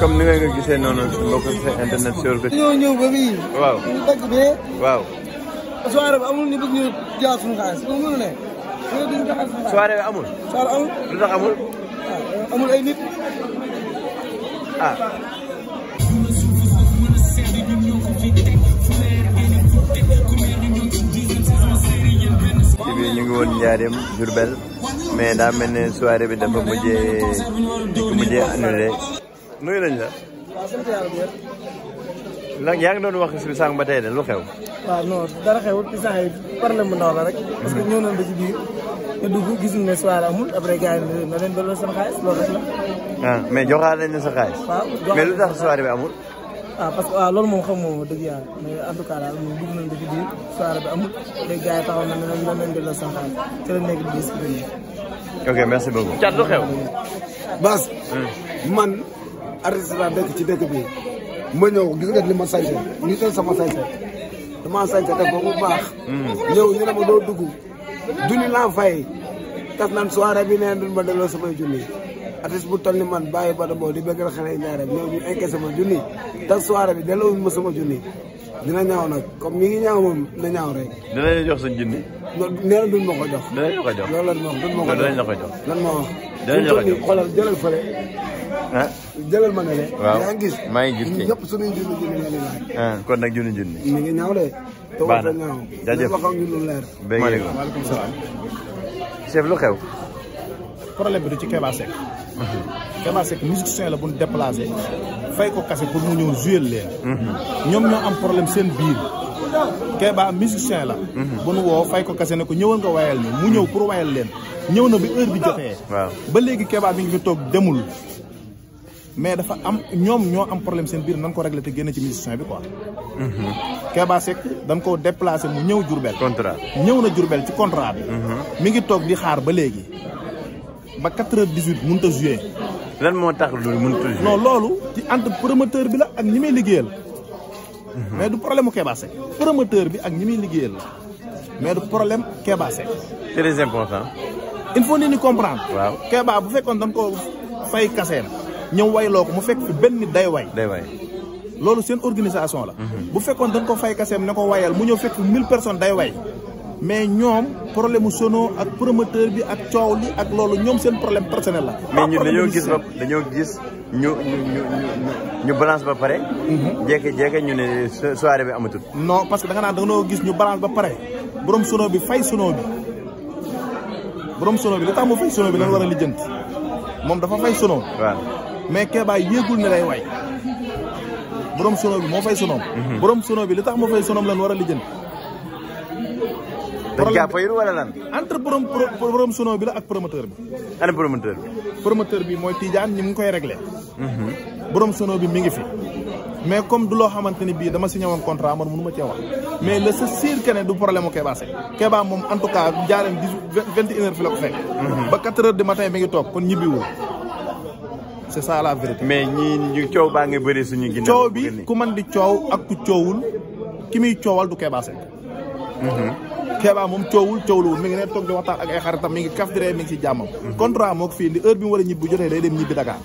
comme ni nga gisee noonu mbokk si internet sur bi. ñoo ñëw ba fii. waaw ñu dagg bee. amul ñu bëgg ñu jaar suñu amul. soirée ah, amul. ay nit. ah. ci ñu ngi woon Njaareem Diourbel mais daa mel ne soirée bi dafa mujjee mujjee nuyu nañ la. waaw sant yaa ngi doon wax si sànq ba tey lu xew. waaw non dara xewul ci sànq yi la rek. parce que ñëw nañ ba ci biir te gis ne soirée amul après gars yi na leen delloo seen xaalis ah, ne sa xaalis. waaw mais lu tax soirée bi amul. ah parce que waaw ah, loolu moom xam nga moom dëgg yàlla mais en tout cas daal moom dugg nañ ba ci biir bi amul léegi gars yi taxaw na ne leen na leen delloo seen xaalis ci nekk di discuter. ok merci beaucoup. Thiat lu xew. Bas. Hmm. artiste laa dëkk ci dëkk bi ma ñëw gis li ma sañse ñu sama sañse dama sañse def ba mu baax. Hmm. ñëw ñu ne ma doo dugg junni laa fay tas naan soirée bi nee duñ ma delloo samay junni artiste bu toll ni man bàyyi ba boo di bëggal xale yi ñaareel ñëw ñu eggee sama junni ma sama junni dina ñaaw nag comme mi ngi ñaaw moom na ñaaw rek. dinañ jox sa junni. nee na ma ko jox. dinañ ma ko jox loolu lan ma wax duñ ma ko jox. dinañ la ko jox lan ma wax. dinañ la ko jox xoolal jëlal fële. ah ma waaw maa ngi gis kii ñëpp suñuy junni junni kon nag junni junni. mi ngi ñaaw de. na jaajëf wax ak ñu lu leer. salaam. chef lu xew. problème bi du ci Keba Seck. Keba Seck musicien la bu ñu déplacé. fay ko kase pour mu ñëw jouer leen. Mhm. ñoom ñoo am problème seen biir. Keba musicien la. Mhm. bu nu woo fay ko kase ne ko ñëwal nga wayal ñu mu ñëw pour wayal leen. ñëw na bi heure bi jotee. ba léegi Keba bi ngi toog demul. mais dafa am ñoom ñoo am problème seen biir nan ko réglé te génn ci musicien bi ko quoi. Mhm. Keba Seck dañ koo déplacé mu ñëw Diourbel. contrat ñëw na Diourbel ci contrat bi. Mhm. mi ngi toog di xaar ba léegi ba quatre heures dix huit mënut a joué. lan moo tax loolu mënut a joué. non loolu ci entre promoteur bi la ak ñi may liggéeyal. Mhm. mais du problème mu Keba Seck bi ak ñi muy liggéeyal mais du problème Keba Seck. très important. il faut nit ñi comprendre. waaw Keba bu fekkoon dañ koo fay kaseem. ko mu fekk benn day way organisation la mhm. bu dañ ko fay ne ko wayal mu mille personnes mais ñoom problème sono ak promoteur bi problème personnel la mais ñu dañoo gis ba dañoo gis ñu balance ba mhm. ñu soirée non parce que da nga naan balance ba pare borom sono bi fay sono bi borom sono bi li fay sono bi mais Kéba yéegul ne lay way borom sono bi moo fay sonoom mhm. borom sono bi li tax moo fay sonoom lan war a lijjanti dañ kaa fayul wala lan entre borom borom bi la ak promoteur bi ana promoteur bi promoteur bi mooy Tidiane ngi koy réglé mhm. borom sono bi mi ngi fi mais comme loo xamante ni bii dama signé woon contrat man mënu ma cee wax mais le c'est sûr que ne du problème mu Kéba Seck tout cas jaareen dix vingt et mhm. ba quatre heures du matin mi ngi toog kon ñibbiwul c'est ça la vérité mais ñi ñu ciow ba nga bëri suñu ginnaaw ciow bi ku man di ciow ak ku ciowul ki mi ciowal du Keba hmm Keba mom ciowul ciowul mi ngi ne tok di waxtaan ak ay tam mi ngi kaf di mi ngi ci jamm mhm. contrat moo ko fii indi heure bi mu wara a ñibbi day dem ñibbi Dakar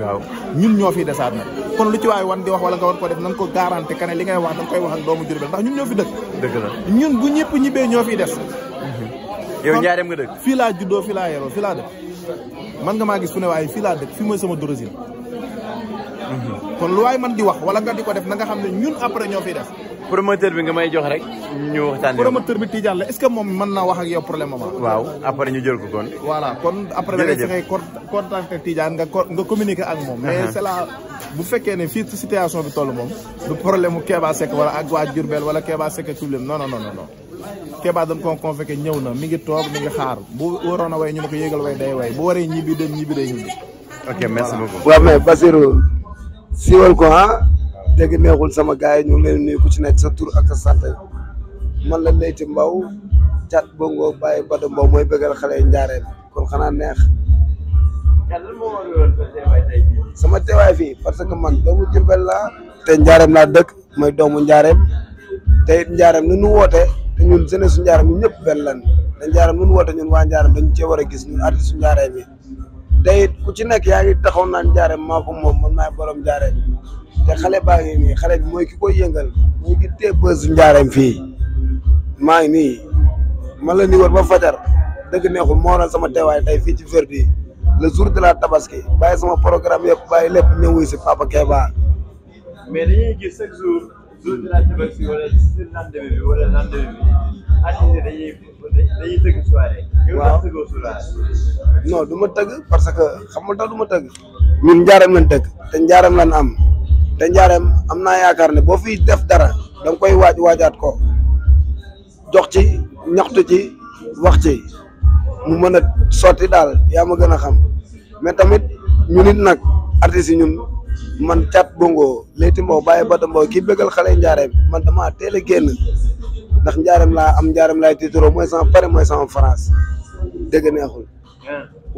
waaw ñun ño fi desaat nag kon lu ci way wan di wax wala nga war ko def nang ko garanté kané li ngay wax dang koy wax ak doomu Jurbel ndax ñun ño fi dëkk dëgg la ñun bu ñepp ñibé ño fi des mhm. yow ñaarem nga dëkk fi la juddo fi la yeroo fi la def man nga maa gis fu ne waaye fii laa dëkk fii mooy sama dorosine kon lu waay man di wax wala nga di ko def na nga xam ne ñun après ñoo fiy def promoteur bi nga may jox rek ñu waxtaan promoteur bi Tidiane la est-ce que moom man naa wax ak yow problème ama waaw après ñu jël ko kon voilà kon après da ngay contacter Tidiane nga nga communiquer ak moom mais uh-huh. c'est la bu fekkee ne fii situation bi toll moom du problème mu Keba Seck wala ak waa Diourbel wala Keba Seck ak non non non non Keba dañ ko convoqué ñëw na mi ngi toog mi ngi xaar bu waroon a way ñu ne ko bu ñibbi dem ñibbi day ñibbi. ok merci beaucoup. waaw mais Basirou siiwal ah? neexul sama gars ñu ngi leen nuyu ci nekk sa tur ak sa sant man la Leyti Mbow cat bongo bàyyi Bada Mbow mooy bëggal xale yi kon xanaa neex. sama teewaay fii parce que man doomu Jurbel laa te njaareem laa dëkk mooy doomu njaareem te njaareem nu nu te ñun jeunesse su njaaram ñun ñëpp benn lan te njaaram ñun woote ñun waa njaaram dañ cee a gis ñun artiste su njaareem yi tey ku ci nekk yaa ngi taxaw naan njaareem maa moom man maay borom njaareem te xale baa ngi nii xale bi mooy ki koy yëngal mooy ki tee bës su njaareem fii maa ngi nii man la ni war ba fajar dëgg neexul moo waral sama teewaay tey fii ci Verdi le jour de la tabaski bàyyi sama programme yëpp bàyyi lépp ñëw si Papa Keba mais dañuy gis chaque jour. jour de la tëgg du ma tëgg parce que xam nga tax du ma tëgg. ñun njaaram lañ tëgg te njaaram lañ am te njaaram am naa yaakaar ne boo fiy def dara da koy waaj waajaat ko jox ci ñaxtu ci wax ci mu mën a sotti daal yaa ma gën a xam mais tamit ñun it nag artistes ñun. man cat bongo léegi mbow bàyyi bata mbow kii xale njaareem man dama teel a génn ndax njaareem laa am njaareem laay tiituroo mooy sama pare mooy sama France dëgg neexul.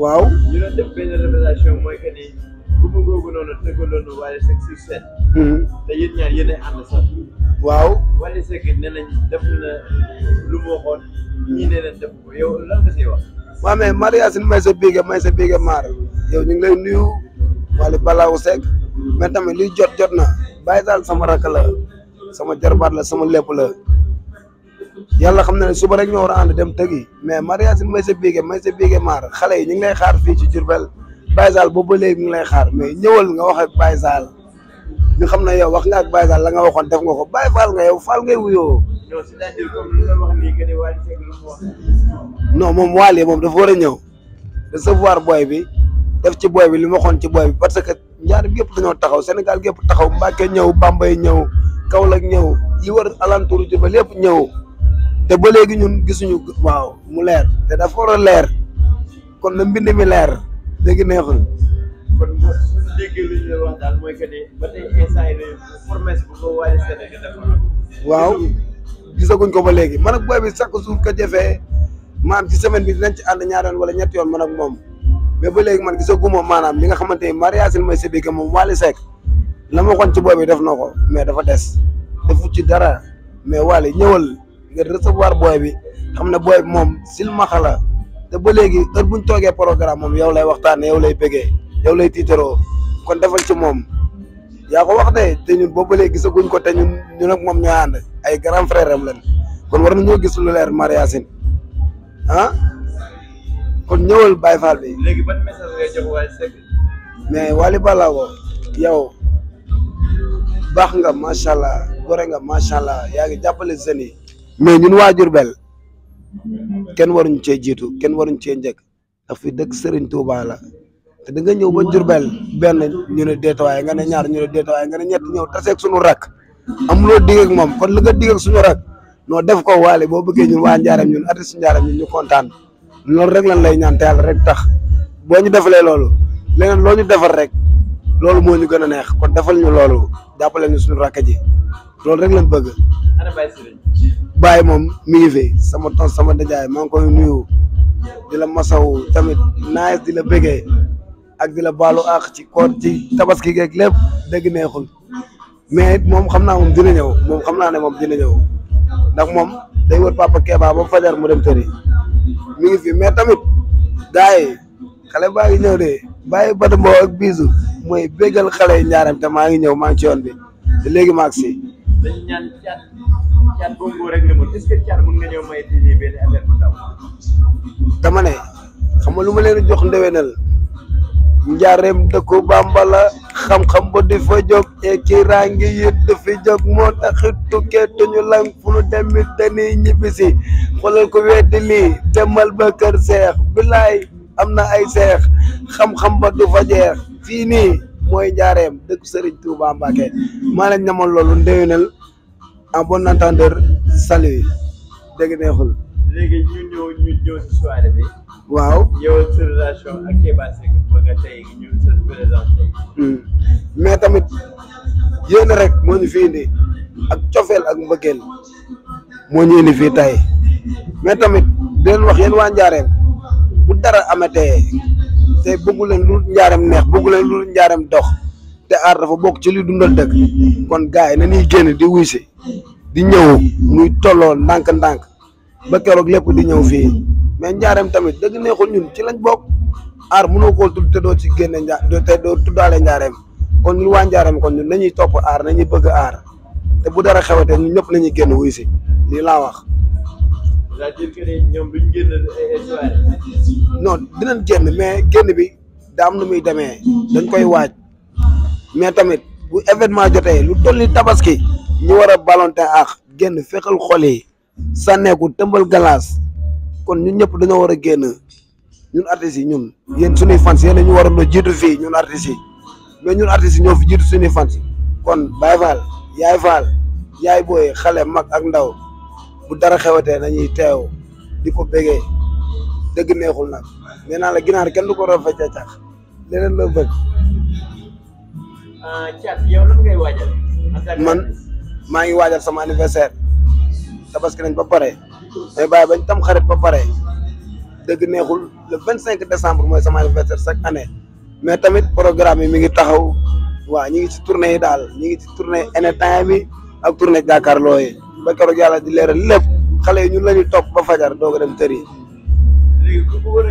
waaw. ñu doon def benn mhm. a ànd sax. lu mu waxoon ñii nee nañ mais Maria Sine may sa biige may sa biige maar mais tamit liy jot jot na Baye Zal sama rakk la sama jarbaat la sama lépp la yàlla xam na ne suba rek ñoo war a dem tëggi mais mariage may sa biige may sa biige maar xale yi ñu ngi lay xaar fii ci Diourbel Baye Zal boobu ba léegi lay xaar mais ñëwal nga wax ak Baye xam na yow wax nga ak Baye la nga waxoon def nga ko Baye Fall nga yow Fall ngay wuyoo. non moom Waly moom dafa war a ñëw recevoir booy bi def ci booy bi li waxoon ci booy parce que. njaarim gépp dañoo taxaw Sénégal gépp taxaw Mbàkke ñëw Bambey ñëw Kaolack ñëw yi war alentour ba lépp ñëw te ba léegi ñun gisuñu waaw mu leer te dafa war a leer kon na mbind mi leer léegi neexul. kon mooy que ni ba tey ko waaye Sénégal dafa waaw gisaguñ léegi man ak booy bi chaque jour ka jëfee maam ci semaine bi dinañ ci ànd ñaari wala ñetti yoon man ak moom. mais ba léegi man gisaguma maanaam li nga xamante ni mariage may séddee que moom Wally Seck la ma waxoon ci boobu def na ko mais dafa des defu ci dara mais Wally ñëwal nga recevoir booy bi xam ne booy bi moom silmaxa la te ba léegi heure bu ñu toogee programme moom yow lay waxtaanee yow lay bëggee yow lay tiitaroo kon defal ci moom yaa ko wax te ñun boobu ba léegi gisaguñ ko te ñun ñun ak moom ñoo ay grand frère am lañ kon war nañoo gis lu leer Maria Sine ah. kon ñëwal Baye Fall bi. léegi ban message ngay jox mais Wally Ballago yow baax nga macha allah gore nga macha allah yaa ngi jàppale jeunes yi. mais ñun waa Diourbel kenn waruñu cee jiitu kenn waruñu cee njëkk ndax fi dëkk Serigne Touba la te da nga ñëw ba Diourbel benn ñu ne déetawaay nga ne ñaar ñu ne déetawaay nga ne ñett ñëw taseeg suñu rakk amuloo digg ak moom kon li nga digg ak suñu rakk noo def ko waale boo bëggee ñun waa Njaaram ñun artiste Njaaram ñun ñu kontaan. loolu rek lan lay ñaan yàlla rek tax boo ñu defalee loolu leneen loo ñu defal rek loolu moo ñu gën a neex kon defal ñu loolu jàppale ñu suñu rakk ji loolu rek lañ bëgg. bàyyi moom mi ngi fi sama tos sama dajaay maa ngi koy nuyu di la masawu tamit naaj di la bëggee ak di la baalu ci koor ci tabaski geeg lépp dégg neexul mais it moom xam naa moom dina ñëw moom xam naa ne moom dina ñëw ndax moom day wër papa Keba ba fajar mu dem tëri mi fi mais tamit gars yi xale baa ngi ñëw de bàyyi Bada Mbow ak Bijou mooy béggal xale yi njaaram te maa ngi ñëw maa ngi ci yoon bi te léegi maa ngi si. dañu ñaan caat caat boobu rek ne est-ce que dama ne xam nga lu ma leen jox ndewenal njaareem dëkku Bàmba xam-xam ba di fa jóg ekiraangi it du fi jóg moo taxit tukkee tuñu lang fu nu demit dañuy ñibbisi xoolal ko weddi lii demal ba kër seex bilaay am na ay seex xam-xam ba fa jeex fii nii mooy njaareem dëkk Serigne Touba Mbacké maa lañ namoon loolu ndewenal en bon entendeur salut dégg neexul léegi waaw yow ba nga hmm. mais tamit yéen rek moo ñu fi indi ak cofeel ak mbëggeel moo ñu fi tay tey mais tamit di wax yéen waa Njaareem bu dara amatee te bëggu leen lu Njaareem neex bëggu leen lu Njaareem dox te aar dafa bokk ci li dundal dëkk kon gars yi na ñuy génn di wuy si di ñëw muy tolloo ndànk-ndànk ba keroog lépp di ñëw fii. mais njaareem tamit dëgg neexul ñun ci lañ bokk aar muno koo tudd te doo ci génne njaa te doo tuddaale njaareem kon ñun waa njaareem kon ñun nañuy topp aar nañuy bëgg aar te bu dara xewatee ñun ñëpp nañuy génn wuy si lii laa wax. c'est-à-dire génn non génn mais génn bi daa am nu muy demee dañ koy waaj mais tamit bu événement jotee lu toll ni tabaski ñu war a ballonte ak génn fexal xol yi sànneeku tëmbal galaas. kon ñun ñëpp dañoo war a génn ñun artistes ñun yéen suñuy fans yéen ñu waroon a jiitu fii ñun artistes yi mais ñun artistes yi ñoo fi jiitu suñuy kon Baye Fall Yaay Yaay Boy xale mag ak ndaw bu dara xewatee nañuy teew di ko bégee dëgg neexul nag nee naa la ginaar kenn du ko rafet ca leneen ah, la man maa ngi waajal sama anniversaire. tabaski nañ ba pare day bàyyi bañ tam xarit ba hul, dëgg neexul le vingt cinq décembre mooy sama anniversaire chaque année mais tamit programme yi mi ngi taxaw waaw ñi ngi ci tournée yi daal ñi ngi ci tournée anytime yi ak tournée jàkkaarloo ba di top lépp xale yi ñun la ñuy ba fajar doog dem tëri léegi ku ko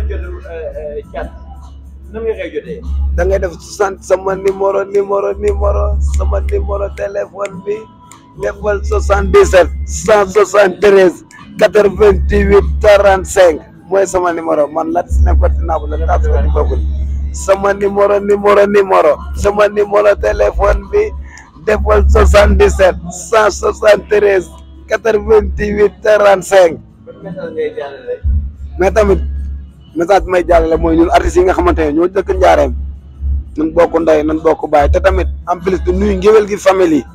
da ngay def 60 sama numéro numéro numéro sama numéro téléphone bi defal 77 173 88 35 mooy sama numéro man Lat Sine Faty Nabou la nga daa di bokkul sama numéro numéro numéro sama numéro téléphone bi defal 77 173 88 35. mais tamit message bi may jàllale mooy ñun artistes yi nga xamante ne ñoo dëkk Njaareem nan bokk ndey nan bokk baay te tamit en plus de nuyu ngéwél gi famille yi.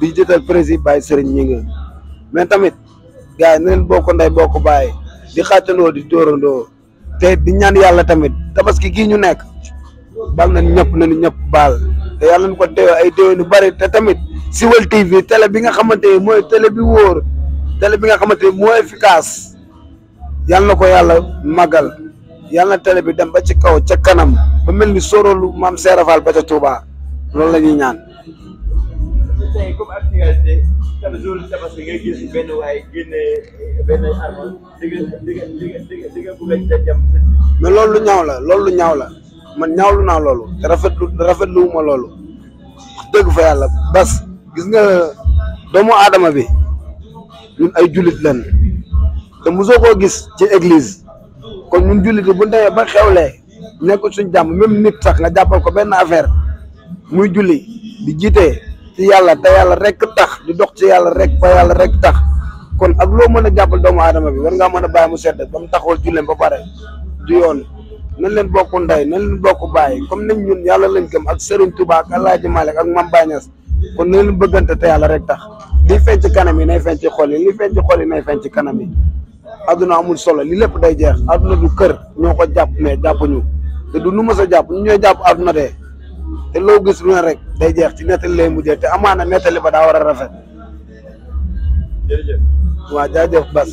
di jëtal président bay Serigne ñi nga mais tamit gaay neen boko nday boko bay di xàccandoo di tóorandoo te di ñaan yalla tamit tabaski gi ñu nek bal nañ ñëpp nañu ñep bal te yalla ñu ko teew ay teew ñu bari te tamit Siweul TV télé bi nga xamante moy mooy télé bi woor télé bi nga xamante moy efficace yalla nako yalla magal yalla bi dem ba ci kaw ci kanam ba melni sorolu mam Seera ba ca Touba lolou la ñaan. tey eh, mais loolu lu ñaaw la loolu lu ñaaw la man ñaawlu naa loolu te rafetlu rafetlu ma loolu wax dëgg fa yàlla bas gis nga doomu aadama bi ñun ay jullit lañ te mosoo koo gis ci église kon ñun jullit yi bu demee ba xewlee nekk suñ jàmm même nit sax nga jàppal ko benn affaire muy julli di jiitee ci yàlla te yàlla rek tax di dox ci yàlla rek ba yàlla rek tax kon ak loo mën a jàppal doomu aadama bi war ngaa mën a bàyyi mu sedd ba mu taxawal julleen ba pare du yoon nañ leen bokk ndey nañ leen bokk bàyyi comme nañ ñun yàlla lañ gëm ak Serigne Touba ak El Hadj Malick ak kon nañ leen bëggante te yàlla rek tax liy fecc kanam yi nay feeñ ci xol yi liy feeñ xol yi nay feeñ ci kanam yi adduna amul solo li lépp day jeex adduna du kër ñoo ko jàpp mais jàppuñu te du nu mës a jàpp ñu jàpp adduna dee te loo gis lu rek day jeex ci nettali lay mujjee te amaana nettali ba daa war a rafet. jërëjëf waaw Bas.